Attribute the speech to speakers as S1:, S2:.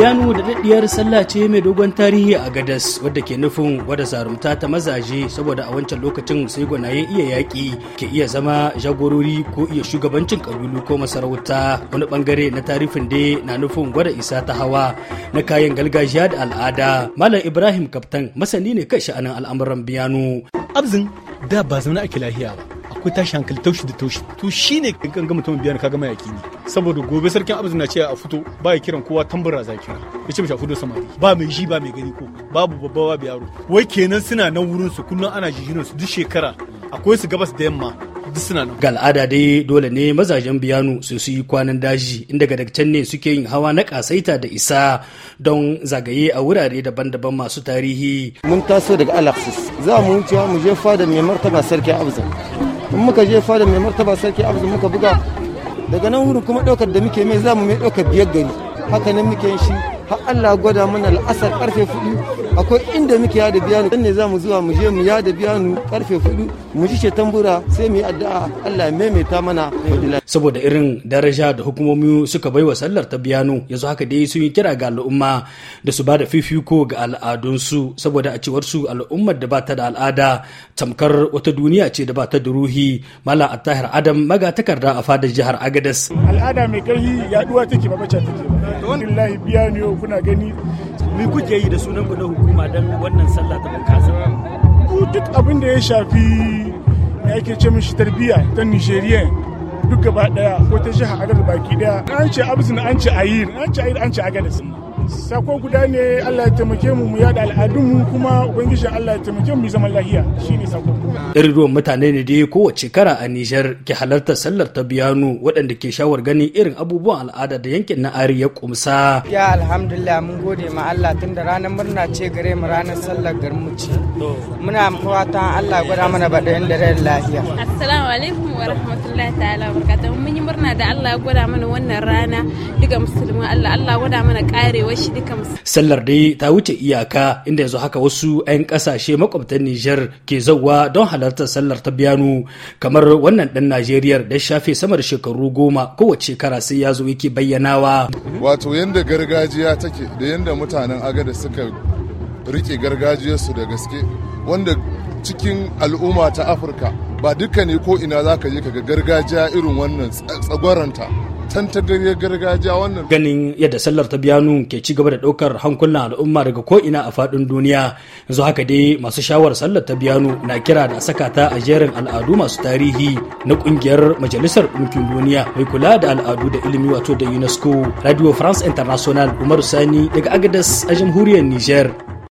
S1: Biyanu da daɗiyar sallah ce mai dogon tarihi a Gadas wadda ke nufin wadda zarumta ta mazaje saboda a wancan lokacin sai gwanayen iya yaƙi ke iya zama jagorori ko iya shugabancin ƙabilu ko masarauta wani bangare na tarifin dai na nufin gwada isa ta hawa na kayan gargajiya da al'ada. Malam Ibrahim Kaftan masani ne kai sha'anin al'amuran Biyanu. Abzin da ba zaune ake lahiya ba. ko tashi hankali taushi da taushi to shine kan ga mutum biyar kaga mayaki ne saboda gobe sarkin abu na ce a fito ba ya kiran kowa tambura za kira ya ce mishi a fito samari ba mai ji ba mai gani ko babu babba ba yaro wai kenan suna nan wurin su kullun ana jijinan su duk shekara akwai su gabas da yamma duk suna nan. Ga al'ada dai dole ne mazajen biyanu su su yi kwanan daji inda ga can ne suke yin hawa na kasaita da isa don zagaye a wurare daban-daban masu tarihi. Mun taso daga Alexis za mu wuce mu je fada mai martaba sarki Abzan. in muka je fada mai martaba sarki abzu muka buga daga nan wurin kuma ɗaukar da muke mai mu mai ɗaukar biyar gari haka nan muke yin shi har Allah gwada mana al'asar karfe fudu akwai inda muke ya da biyanu dan ne mu zuwa mu je mu ya da biyanu karfe fudu mu ji tambura sai mu yi addu'a Allah ya maimaita mana saboda irin daraja da hukumomi suka bai wa sallar ta biyanu yanzu haka dai sun yi kira ga al'umma da su ba fifiko ga al'adunsu saboda a cewar su al'ummar da ba ta da al'ada tamkar wata duniya ce da ba ta da ruhi mala attahir adam magatakarda a fadar jihar
S2: agadas al'ada mai karhi yaduwa take ba bace take wallahi biyanu kuna gani me kuke yi da sunan ku na hukuma don wannan sallah ta bunƙasa ku duk abin da ya shafi ya ke ce mishi tarbiyya ta Nigeria duk gaba daya ko ta jiha agar baki daya an ce abzin an ce ayir an ce ayir an ce agadas sako guda ne Allah ya taimake mu mu yada al'adunmu kuma ubangiji Allah ya taimake mu mu zaman lahiya shine sako irin
S1: ruwan mutane ne da kowace kara a Nijar ke halartar sallar ta biyanu waɗanda ke shawar gani irin abubuwan al'ada da yankin na Ari ya kumsa ya alhamdulillah mun gode ma Allah tunda ranar murna ce gare mu ranar sallar garmu ce muna fatan Allah gwada mana baɗin da rai lafiya
S2: assalamu alaikum wa rahmatullahi ta'ala wa mun yi murna da Allah ya gwada mana wannan rana duka musulmi Allah Allah gwada mana karewar shi duka
S1: sallar dai ta wuce iyaka inda yanzu haka wasu 'yan kasashe makwabtan Nijar ke zauwa don halartar sallar ta biyanu kamar wannan dan Najeriya da shafe sama da shekaru goma kowace shekara sai ya zo yake bayyanawa wato yanda gargajiya take da yanda mutanen agada suka rike gargajiyarsu da gaske wanda cikin al'umma ta Afirka ba duka ne ko ina za ka je ka ga gargajiya irin wannan tsagwaranta tantagariyar gargajiya wannan ganin yadda sallar ta biyanu ke ci gaba da ɗaukar hankulan al'umma daga ko ina a faɗin duniya yanzu haka dai masu shawar sallar ta biyanu na kira da saka ta a jerin al'adu masu tarihi na kungiyar majalisar ɗinkin duniya mai kula da al'adu da ilimi wato da unesco radio france international umaru sani daga agadas a jamhuriyar niger